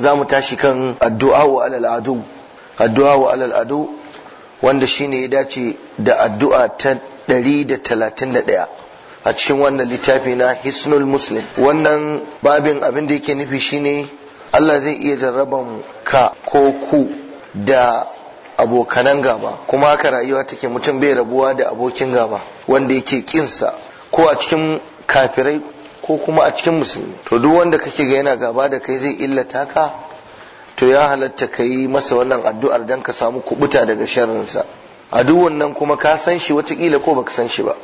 za mu tashi kan addu'a wa alal adu addu'a wa alal adu wanda shine ya dace da addu'a ta 131 a cikin wannan littafi na hisnul muslim wannan babin abin da yake nufi shine Allah zai iya jarraban ka ko ku da abokanan gaba kuma haka rayuwa take mutum bai rabuwa da abokin gaba wanda yake kinsa ko a cikin kafirai ko kuma a cikin musulmi to duk wanda kake ga yana gaba da kai zai illata ka to ya halatta ka yi masa wannan addu'ar dan ka samu kubuta daga sharrinsa a duk wannan kuma ka san shi watakila ko baka san shi ba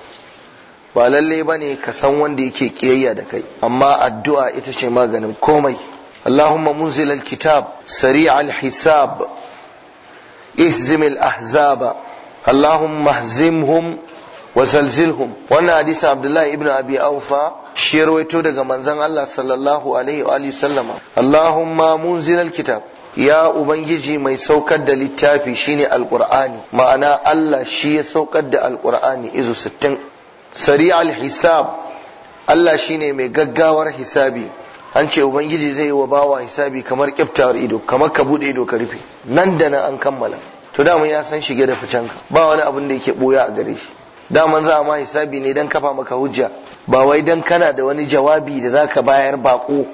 ba lalle ba ne ka san wanda yake kiyayya da kai amma addu'a ita ce maganin komai allahumma munzil alkitab sari alhisab ihzim alahzaba allahumma ahzimhum wasalzilhum wannan hadisi abdullahi ibn abi aufa shi rawaito daga manzon Allah sallallahu alaihi wa alihi sallama Allahumma kitab ya ubangiji mai saukar da littafi shine alqur'ani ma'ana Allah shi ya saukar da alqur'ani izu 60 sari'al hisab Allah shine mai gaggawar hisabi an ce ubangiji zai yi wa bawa hisabi kamar kiftawar ido kamar ka bude ido ka rufe nan da nan an kammala to da ya san shige da ficenka ba wani abin da yake boya a gare shi daman za a ma hisabi ne don kafa maka hujja ba wai don kana da wani jawabi da za ka bayar bako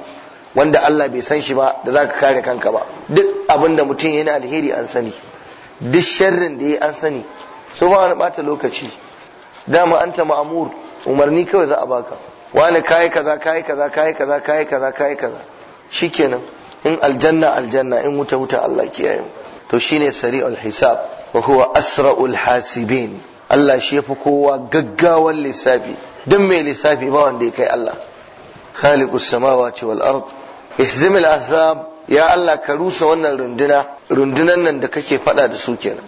wanda Allah bai san shi ba da za ka kare kanka ba duk abin da mutum yana alheri an sani duk sharrin da ya an sani so ba wani bata lokaci dama an ta ma'amur umarni kawai za a baka wani kayi kaza kayi kaza kayi kaza kayi kaza kayi kaza shikenan in aljanna aljanna in wuta wuta Allah kiyaye to shine sari'ul hisab wa huwa asra'ul hasibin Allah shi fi kowa gaggawan lissafi duk mai lissafi ba wanda ya kai Allah khaliqus samawati wal ard ihzim al ahzab ya Allah ka rusa wannan runduna rundunan nan da kake fada da su kenan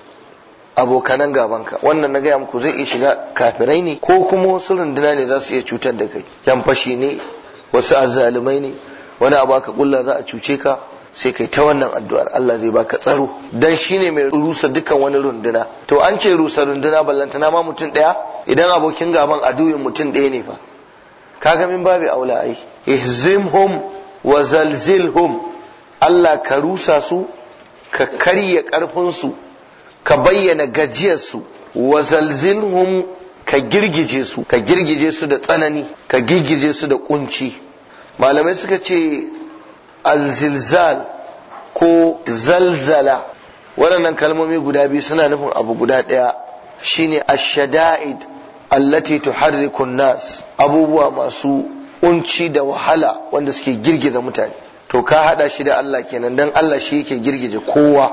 abokanan gabanka wannan na gaya muku zai iya shiga kafirai ne ko kuma wasu runduna ne za su iya cutar da kai yan fashi ne wasu azzalumai ne wani abu aka kulla za a cuce ka sai kai ta wannan addu'ar Allah zai baka tsaro dan shine mai rusa dukan wani runduna to an ce rusa runduna ballantana ma mutum daya idan abokin gaban aduyin mutum daya ne fa kaga min babu aula ai ihzimhum wa zalzilhum Allah ka rusa su ka karya karfin su ka bayyana gajiyar su wa zalzilhum ka girgije su ka girgije su da tsanani ka girgije su da kunci malamai suka ce alzilzal ko zalzala waɗannan kalmomi guda biyu suna nufin abu guda ɗaya shine ashada'id allati tuharriku nas abubuwa masu unci da wahala wanda suke girgiza mutane to ka hada shi da Allah kenan dan Allah shi yake girgije kowa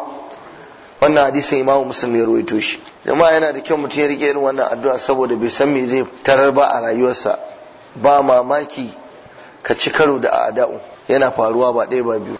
wannan hadisin imamu muslim ya rawaito shi jama'a yana da kyau mutum ya rike irin wannan addu'a saboda bai san me zai tarar ba a rayuwarsa ba mamaki ka ci karo da a'da'u yana faruwa ba ɗaya ba biyu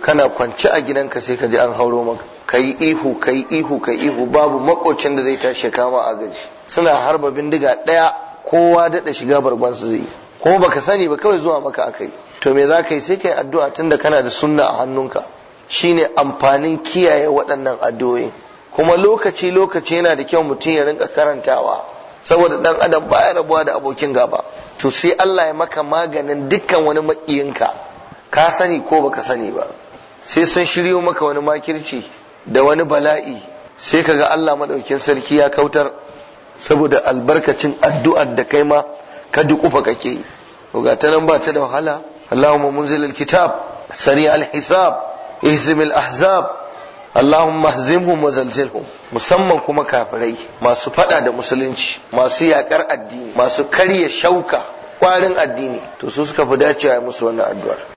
kana kwance a gidanka sai ka ji an hauro maka kai ihu kai ihu kai ihu babu makocin da zai tashi kama a gaji suna harba bindiga ɗaya kowa daɗa shiga su zai ko baka sani ba kawai zuwa maka akai to me za ka yi sai ka yi addu'a tunda kana da sunna a hannunka shine amfanin kiyaye waɗannan addu'o'i kuma lokaci lokaci yana da kyau mutum ya rinka karantawa saboda ɗan adam baya rabuwa da abokin gaba to sai Allah ya maka maganin dukkan wani makiyinka ka sani ko baka sani ba sai sun shiryo maka wani makirci da wani bala'i sai kaga Allah madaukin sarki ya kautar saboda albarkacin addu'ar da kai ma ka kake yi ga ta nan ba ta da wahala Allahumma munzil alkitab sari alhisab ihzim alahzab Allahumma hazimhum wa zalzilhum musamman kuma kafirai masu fada da musulunci masu yakar addini masu karya shauka kwarin addini to su suka fi dacewa musu wannan addu'ar